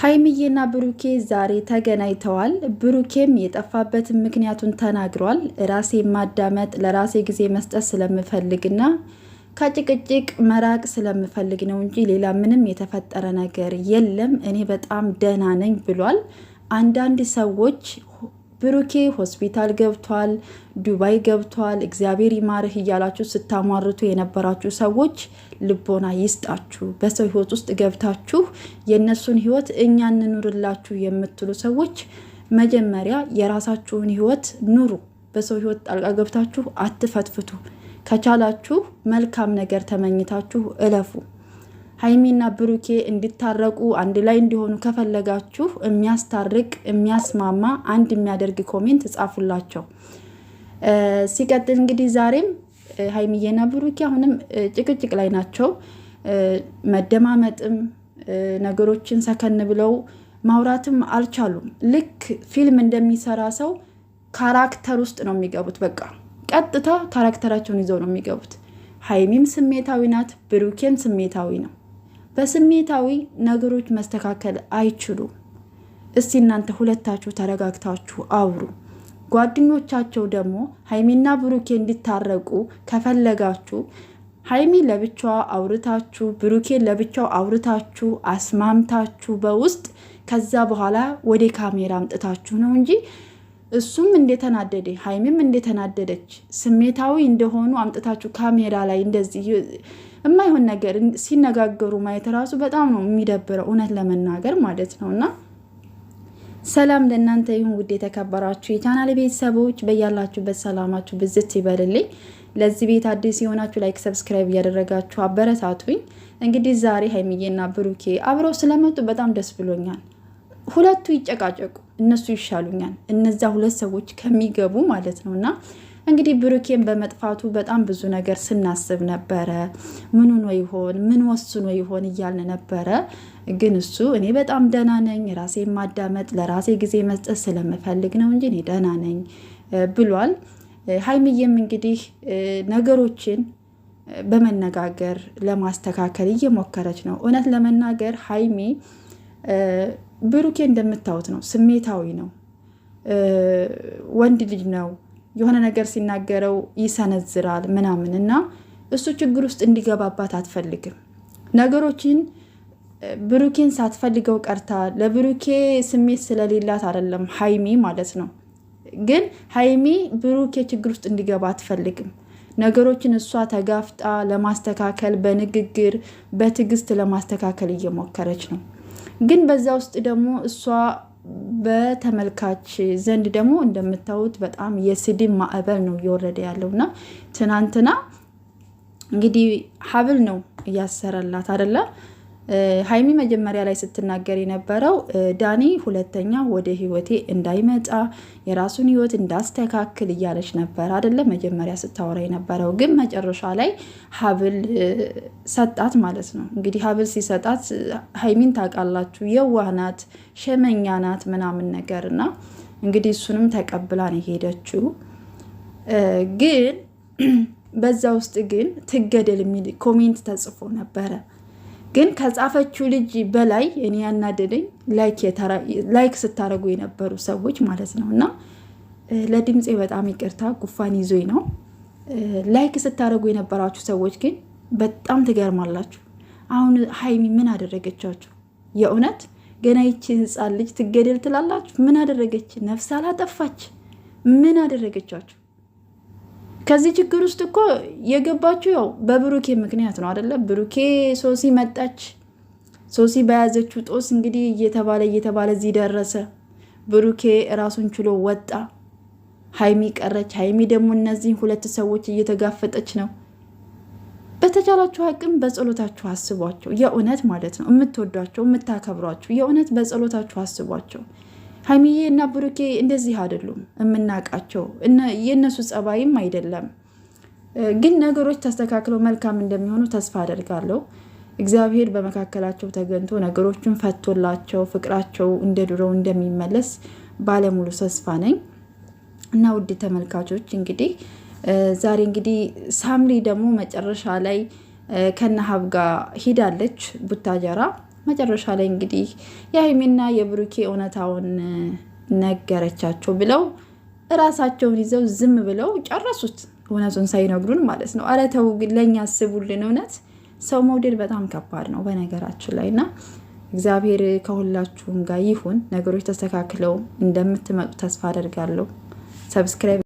ሀይምዬና ብሩኬ ዛሬ ተገናኝተዋል። ብሩኬም የጠፋበትን ምክንያቱን ተናግሯል። ራሴ ማዳመጥ ለራሴ ጊዜ መስጠት ስለምፈልግና ከጭቅጭቅ መራቅ ስለምፈልግ ነው እንጂ ሌላ ምንም የተፈጠረ ነገር የለም፣ እኔ በጣም ደህና ነኝ ብሏል። አንዳንድ ሰዎች ብሩኬ ሆስፒታል ገብቷል፣ ዱባይ ገብቷል፣ እግዚአብሔር ይማርህ እያላችሁ ስታሟርቱ የነበራችሁ ሰዎች ልቦና ይስጣችሁ። በሰው ህይወት ውስጥ ገብታችሁ የእነሱን ህይወት እኛ እንኑርላችሁ የምትሉ ሰዎች መጀመሪያ የራሳችሁን ህይወት ኑሩ። በሰው ህይወት ጣልቃ ገብታችሁ አትፈትፍቱ። ከቻላችሁ መልካም ነገር ተመኝታችሁ እለፉ። ሀይሚና ብሩኬ እንዲታረቁ አንድ ላይ እንዲሆኑ ከፈለጋችሁ የሚያስታርቅ የሚያስማማ አንድ የሚያደርግ ኮሜንት ጻፉላቸው። ሲቀጥል እንግዲህ ዛሬም ሀይሚዬና ብሩኬ አሁንም ጭቅጭቅ ላይ ናቸው። መደማመጥም ነገሮችን ሰከን ብለው ማውራትም አልቻሉም። ልክ ፊልም እንደሚሰራ ሰው ካራክተር ውስጥ ነው የሚገቡት። በቃ ቀጥታ ካራክተራቸውን ይዘው ነው የሚገቡት። ሀይሚም ስሜታዊ ናት፣ ብሩኬም ስሜታዊ ነው። በስሜታዊ ነገሮች መስተካከል አይችሉም። እስቲ እናንተ ሁለታችሁ ተረጋግታችሁ አውሩ። ጓደኞቻቸው ደግሞ ሀይሚና ብሩኬ እንዲታረቁ ከፈለጋችሁ ሀይሚ ለብቻዋ አውርታችሁ ብሩኬ ለብቻው አውርታችሁ አስማምታችሁ በውስጥ ከዛ በኋላ ወደ ካሜራ አምጥታችሁ ነው እንጂ እሱም እንደተናደደ ሀይሚም እንደተናደደች ስሜታዊ እንደሆኑ አምጥታችሁ ካሜራ ላይ እንደዚህ የማይሆን ነገር ሲነጋገሩ ማየት ራሱ በጣም ነው የሚደብረው፣ እውነት ለመናገር ማለት ነው እና ሰላም ለእናንተ ይሁን ውድ የተከበራችሁ የቻናል ቤተሰቦች፣ በያላችሁበት ሰላማችሁ ብዝት ይበልልኝ። ለዚህ ቤት አዲስ የሆናችሁ ላይክ፣ ሰብስክራይብ እያደረጋችሁ አበረታቱኝ። እንግዲህ ዛሬ ሀይሚዬና ብሩኬ አብረው ስለመጡ በጣም ደስ ብሎኛል። ሁለቱ ይጨቃጨቁ እነሱ ይሻሉኛል፣ እነዚያ ሁለት ሰዎች ከሚገቡ ማለት ነው እና እንግዲህ ብሩኬን በመጥፋቱ በጣም ብዙ ነገር ስናስብ ነበረ። ምኑ ነው ይሆን ምን ወስኖ ይሆን እያልን ነበረ። ግን እሱ እኔ በጣም ደህና ነኝ፣ ራሴ ማዳመጥ ለራሴ ጊዜ መስጠት ስለምፈልግ ነው እንጂ እኔ ደህና ነኝ ብሏል። ሀይምዬም እንግዲህ ነገሮችን በመነጋገር ለማስተካከል እየሞከረች ነው። እውነት ለመናገር ሀይሚ ብሩኬ እንደምታዩት ነው፣ ስሜታዊ ነው፣ ወንድ ልጅ ነው የሆነ ነገር ሲናገረው ይሰነዝራል ምናምን እና እሱ ችግር ውስጥ እንዲገባባት አትፈልግም። ነገሮችን ብሩኬን ሳትፈልገው ቀርታ ለብሩኬ ስሜት ስለሌላት አይደለም ሀይሚ ማለት ነው። ግን ሀይሚ ብሩኬ ችግር ውስጥ እንዲገባ አትፈልግም። ነገሮችን እሷ ተጋፍጣ ለማስተካከል በንግግር በትዕግስት ለማስተካከል እየሞከረች ነው። ግን በዛ ውስጥ ደግሞ እሷ በተመልካች ዘንድ ደግሞ እንደምታዩት በጣም የስድብ ማዕበል ነው እየወረደ ያለው ና። ትናንትና እንግዲህ ሀብል ነው እያሰረላት አይደለም ሀይሚ መጀመሪያ ላይ ስትናገር የነበረው ዳኒ ሁለተኛ ወደ ህይወቴ እንዳይመጣ የራሱን ህይወት እንዳስተካክል እያለች ነበር አይደለም መጀመሪያ ስታወራ የነበረው ግን መጨረሻ ላይ ሀብል ሰጣት ማለት ነው እንግዲህ ሀብል ሲሰጣት ሀይሚን ታውቃላችሁ የዋህ ናት ሸመኛ ናት ምናምን ነገር እና እንግዲህ እሱንም ተቀብላ ነው የሄደችው ግን በዛ ውስጥ ግን ትገደል የሚል ኮሜንት ተጽፎ ነበረ ግን ከጻፈችው ልጅ በላይ እኔ ያናደደኝ ላይክ ስታደርጉ የነበሩ ሰዎች ማለት ነው። እና ለድምፄ በጣም ይቅርታ ጉፋን ይዞኝ ነው። ላይክ ስታደርጉ የነበራችሁ ሰዎች ግን በጣም ትገርማላችሁ። አሁን ሀይሚ ምን አደረገቻችሁ? የእውነት ገና ይቺ ህፃን ልጅ ትገደል ትላላችሁ? ምን አደረገች? ነፍስ አላጠፋች። ምን አደረገቻችሁ? ከዚህ ችግር ውስጥ እኮ የገባችው ያው በብሩኬ ምክንያት ነው አደለም? ብሩኬ ሶሲ መጣች። ሶሲ በያዘችው ጦስ እንግዲህ እየተባለ እየተባለ እዚህ ደረሰ። ብሩኬ ራሱን ችሎ ወጣ። ሀይሚ ቀረች። ሀይሚ ደግሞ እነዚህ ሁለት ሰዎች እየተጋፈጠች ነው። በተቻላችሁ አቅም በጸሎታችሁ አስቧቸው። የእውነት ማለት ነው የምትወዷቸው የምታከብሯቸው፣ የእውነት በጸሎታችሁ አስቧቸው። ሀይሚዬ እና ብሩኬ እንደዚህ አይደሉም የምናውቃቸው፣ የእነሱ ጸባይም አይደለም። ግን ነገሮች ተስተካክለው መልካም እንደሚሆኑ ተስፋ አደርጋለሁ። እግዚአብሔር በመካከላቸው ተገኝቶ ነገሮችን ፈቶላቸው ፍቅራቸው እንደ ድሮው እንደሚመለስ ባለሙሉ ተስፋ ነኝ እና ውድ ተመልካቾች እንግዲህ ዛሬ እንግዲህ ሳምሪ ደግሞ መጨረሻ ላይ ከነሀብ ጋር ሂዳለች ቡታጀራ መጨረሻ ላይ እንግዲህ የሀይሚና የብሩኬ እውነታውን ነገረቻቸው ብለው እራሳቸውን ይዘው ዝም ብለው ጨረሱት። እውነቱን ሳይነግሩን ማለት ነው። ኧረ ግን ለእኛ አስቡልን። እውነት ሰው መውደድ በጣም ከባድ ነው በነገራችን ላይ እና እግዚአብሔር ከሁላችሁም ጋር ይሁን። ነገሮች ተስተካክለው እንደምትመጡ ተስፋ አደርጋለሁ። ሰብስክራይብ